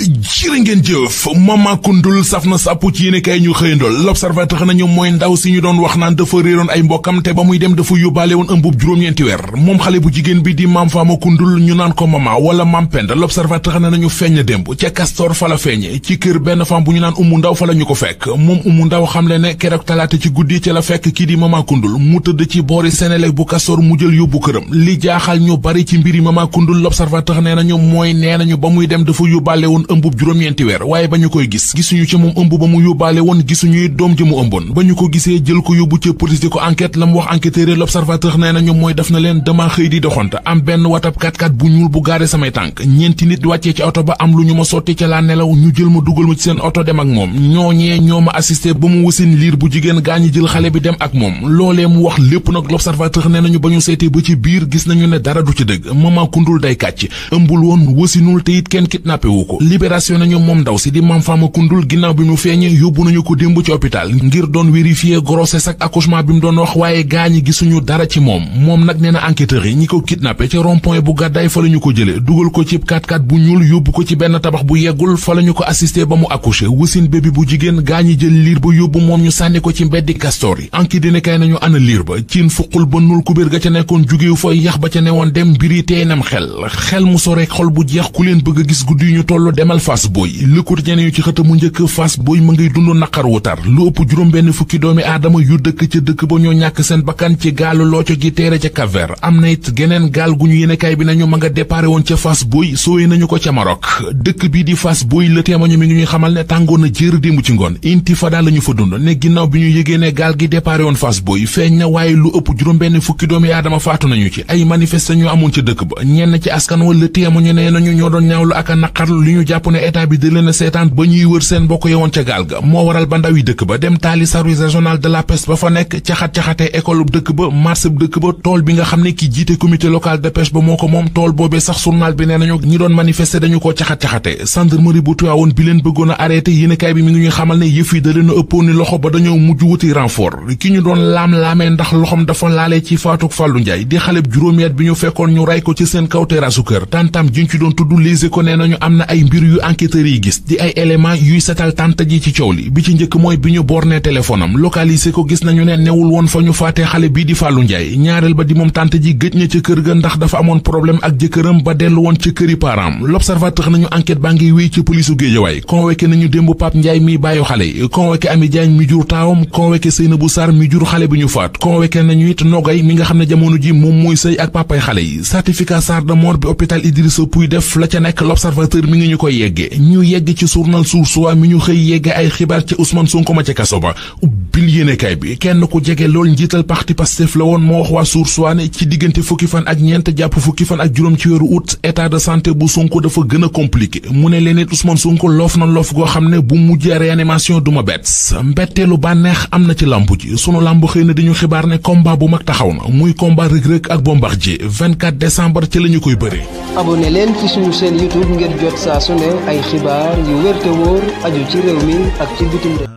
jërë ngeen jëf mama kundul saf na sàpp ci yéen kay ñu xëyandool l'observateur nañu mooy ndaw si ñu doon wax naan dafa réeroon ay mbokkam te ba muy dem dafa yóbbaale woon ëmbub juróom-ñeenti weer moom xale bu jigéen bi di maam faama ñu naan ko mama wala mam pend l'observateur na nañu feeñ na démb ca Castor fa la feeñe ci kër benn femme bu ñu naan umu ndaw fa la ñu ko fekk moom umu ndaw xamle ne keroog talaata ci guddi ca la fekk kii di mama kundul mu ci boori Senelec bu Castor mu jël yóbbu këram li jaaxal ñu bari ci mbiri mama kundul l'observateur nee nañu mooy nee nañu ba muy dem dafa yóbbaale woon ëmbub juróom-ñeenti weer waaye ba ñu koy gis gisuñu ci moom ëmb ba mu yóbbaale woon gisuñuy doom ji mu ëmboon ba ñu ko gisee jël ko yóbbu ca police di ko enquête la mu wax enquêteur l'observateur nee na ñoom mooy def na leen dama xëy di doxante am benn watab 4 x bu ñuul bu gaare samay tànk ñeenti nit wàccee ci oto ba am lu ñu ma sotti ca laa nelaw ñu jël ma dugal ma ci seen oto dem ak moom ñooñee ñoo ma assisté ba mu wasin liir bu jigéen gaa ñi jël xale bi dem ak moom loolee mu wax lépp nag l'observateur nee nañu ba ñu seetee ba ci biir gis nañu ne dara du ci dëgg maman kundul day kàcc ëmbul woon wasinul te it kenn kidnappé ko libération nañu moom ndaw si di mam faama kundul ginnaaw bi mu feeñee yóbbu nañu ko démb ci hôpital ngir doon vérifier grossesse ak accouchement bi mu doon wax waaye gaañi gisuñu dara ci moom moom nag nee na enquêteurs yi ñi ko kidnappé ca rond-point bu gàddaay fa la ko jële dugal ko ci 4 bu ñuul yóbbu ko ci benn tabax bu yeggul fa la ñu ko assisté ba mu accouché wasin bébé bu jigéen gaañi jël liir ba yóbbu moom ñu sànni ko ci mbeddi Castor yi enquête dina kay nañu ana liir ba ciin fuqul ba nul kubéer ga ca nekkoon jugéew fa yax ba ca newoon dem mbiri teenam xel xel mu sorek xol bu jeex ku leen bëgg gis guddi ñu tollu dem demal Fass Boy Le Quotidien yu ci xëtamu njëkk ma ngay dund naqar wu tar lu ëpp juróom benn fukki doomi aadama yu dëkk ca dëkk ba ñoo ñàkk seen bakkan ci gaalu looco gi teere ca cap am na it geneen gaal gu ñu yéenekaay bi nañu ma nga déparé woon ca Fass Boy sooy nañu ko ca Maroc dëkk bii di Fass Boy la teemañu ma ngi ñuy xamal ne tàngoon na jéer démb ci ngoon intifada la ñu fa dund ne ginnaaw bi ñu yégée ne gaal gi déparé woon Fass Boy feeñ na waaye lu ëpp juróom benn fukki doomi aadama faatu nañu ci ay manifesté ñu amoon ca dëkk ba ñenn ci askan wa la teemañu jàpp ne état bi di leen a seetaan ba ñuy wër seen mbokk yowoon ca gaal ga moo waral ba ndaw dëkk ba dem taali service régional de la ba fa nekk caxat-caxatee école bu dëkk ba marché bu dëkk ba tool bi nga xam ne ki jiite comité local de pêche ba moo ko moom tool boobee sax journal bi nee nañu ñi doon manifester dañu koo caxat-caxate gendarmerie bu Tivaouane bi leen bëggoon a arrêté bi mi ngi ñuy xamal ne yëf yi da leen loxo ba dañoo mujj wuti renfort mbir yu ko gis nañu ne newul woon fa ñu faatee xale ba di moom tànt ji gëj na ca kër ga ndax dafa amoon démb Pape Ndiaye mi bàyyu xale yi convoqué Ami Diagne mi jur taawam convoqué Seynabou Sarr mi jur xale bi ñu faat convoqué nañu it Nogay mi nga xam ne jamono ji moom mooy sëy ak papay xale yi certificat Sarr de bi hôpital Idrissa Pouye def la ca nekk l'observateur mi ngi ñu ko koy yeggee ñu yegg ci journal Source A mi ñu xëy yeggee ay xibaar ci Ousmane Sonko ma ca ubbil yéenekaay bi kenn ku jege lool njiital parti Pastef la woon moo wax waa sursuwaane ci diggante fukki fan ak ñeent jàpp fukki fan ak juróom ci weeru août état de santé bu Sonko dafa gën a mu ne leen it Ousmane Sonko loof na loof goo xam ne bu mujjee réanimation du ma bett mbetteelu bànneex am na ci lamb ji sunu lamb xëy na diñu xibaar ne combat bu mag taxaw na muy combat rëg-rëg ak Bombardier 24 décembre ci la ñu koy bëri abonné leen ci suñu chaîne YouTube ngir saa su ne ay xibaar yu wér te mi ak